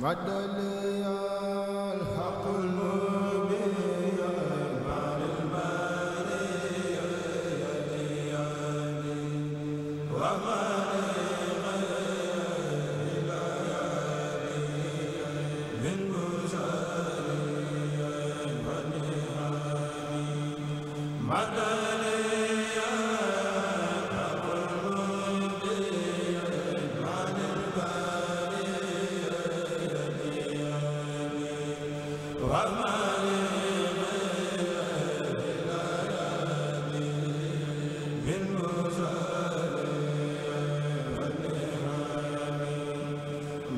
madal ya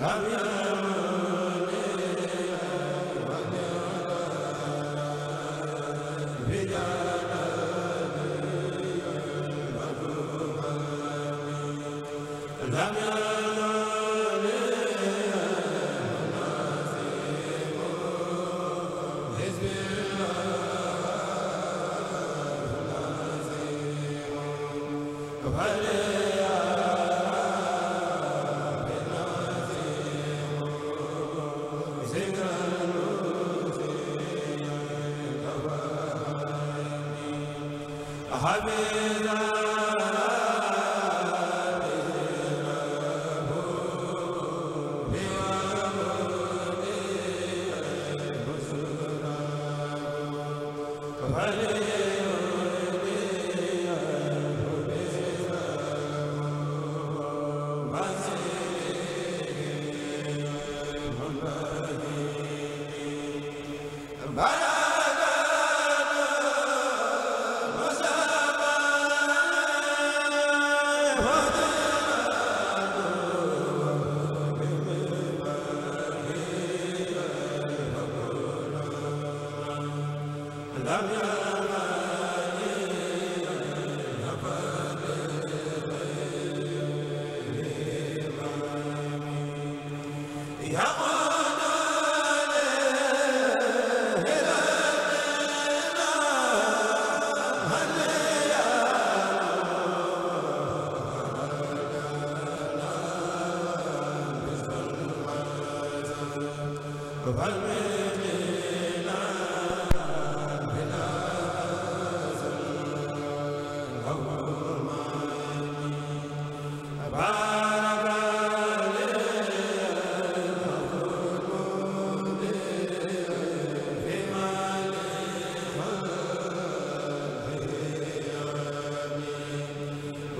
Wale حميدا waaw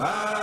ba